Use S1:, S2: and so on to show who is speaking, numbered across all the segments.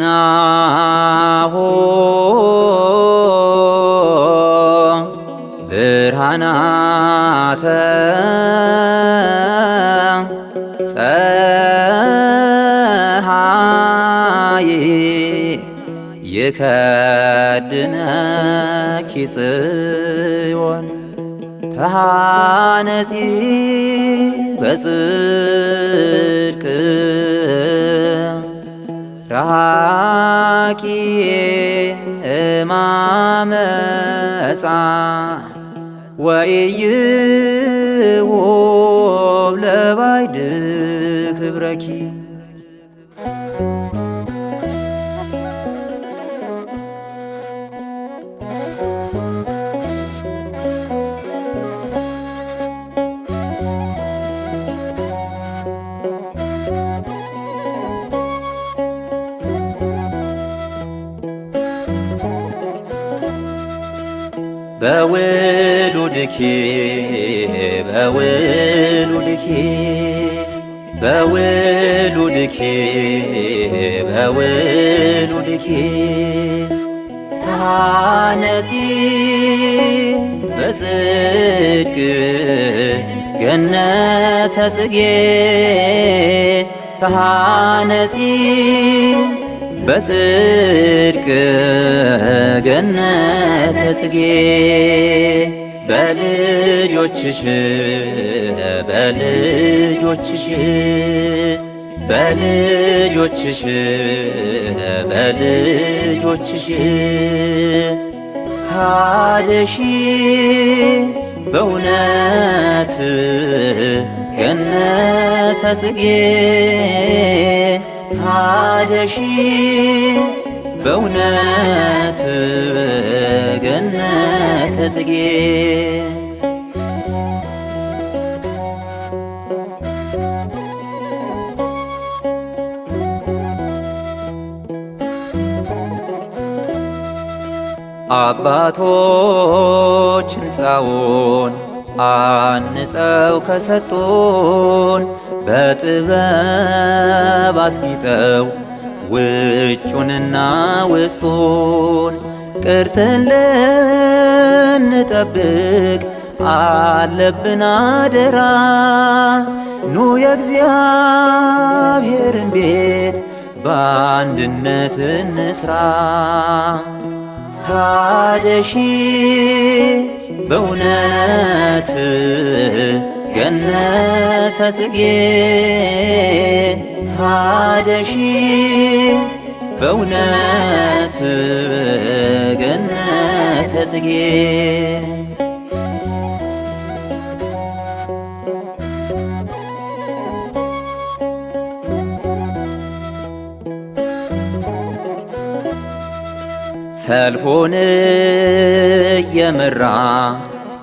S1: ናሆ ብርሃናተ ፀሐይ ይከድነኪ ጽዮን ተሃነጺ በጽድቅ ራቂ እማመፃ ወኢይሁብ ለባይድ ክብረኪ ልኪ በውል ልኪ በውል ልኪ በውል ልኪ ታነጺ በጽድቅ ገነተ ጽጌ ታነጺ በጽድቅ ገነተ ጽጌ በልጆችሽ በልጆችሽ በልጆችሽ በልጆችሽ ታደሺ በእውነት ገነተ ጽጌ ታደሺ በእውነት ጽጌ አባቶች ሕንፃውን አንጸው ከሰጡን በጥበብ አስጊጠው ውጩንና ውስጡን ቅርስን ልንጠብቅ አለብን አደራ። ኑ የእግዚአብሔርን ቤት በአንድነት እንስራ። ታደሺ በእውነት ገነተ ጽጌ ታደሺ በእውነት ጽጌ ሰልፎን እየመራ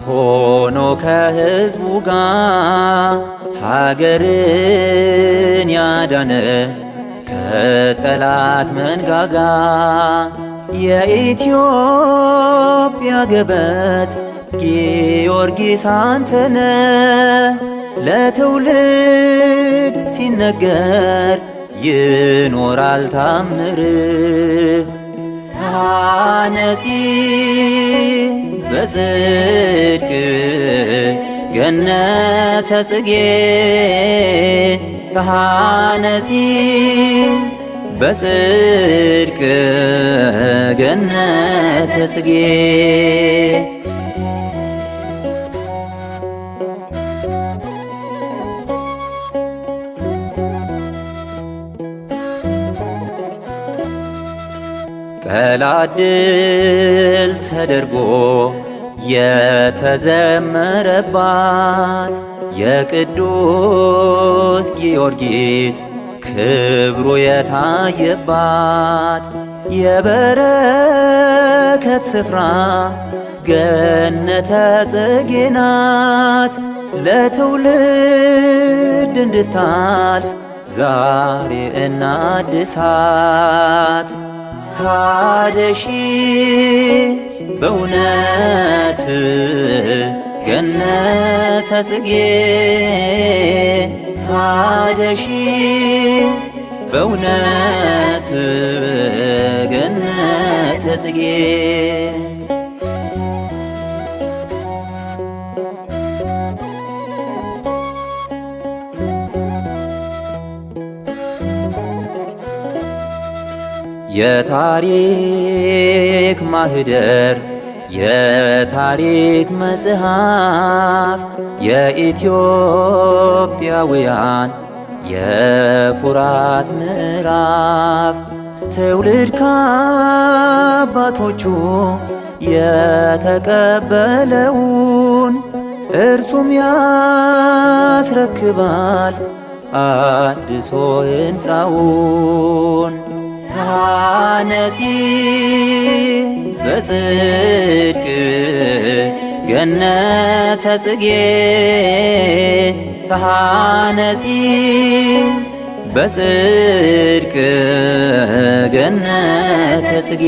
S1: ሆኖ ከሕዝቡ ጋር ሀገርን ያዳነ ከጠላት መንጋጋ የኢትዮጵያ ገበዝ ጊዮርጊስ አንተነ ለትውልድ ሲነገር ይኖራል ታምር ታነጺ በጽድቅ ገነተ ጽጌ ታነጺ በጽድቅ ገነተ ጽጌ ጠላት ድል ተደርጎ የተዘመረባት የቅዱስ ጊዮርጊስ ክብሩ የታየባት የበረከት ስፍራ ገነተ ጽጌ ናት። ለትውልድ እንድታልፍ ዛሬ እናድሳት። ታደሺ በእውነት ገነተ ጽጌ ታደሺ በእውነት ገነተ ጽጌ የታሪክ ማህደር የታሪክ መጽሐፍ የኢትዮጵያውያን የኩራት ምዕራፍ ትውልድ ከአባቶቹ የተቀበለውን እርሱም ያስረክባል አድሶ ሕንፃውን ታነጺ በጽድቅ ገነተ ጽጌ ታነጺ በጽድቅ ገነተ ጽጌ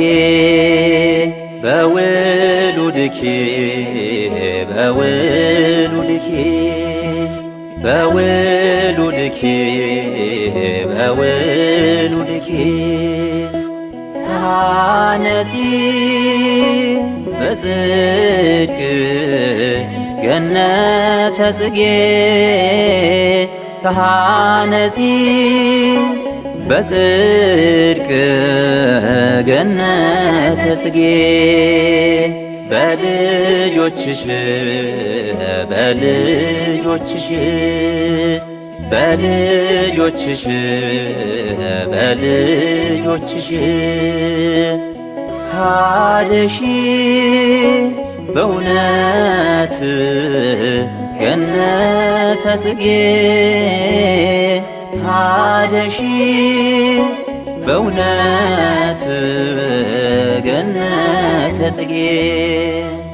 S1: በውሉድኪ በውሉድኪ በውሉድኪ በውሉ መሐነጺ በጽድቅ ገነተ ጽጌ ተሐነጺ በጽድቅ ገነተ ጽጌ በልጆችሽ በልጆችሽ በልጆችሽ በልጆችሽ ታደሺ በእውነት ገነተ ጽጌ ታደሺ በእውነት ገነተ ጽጌ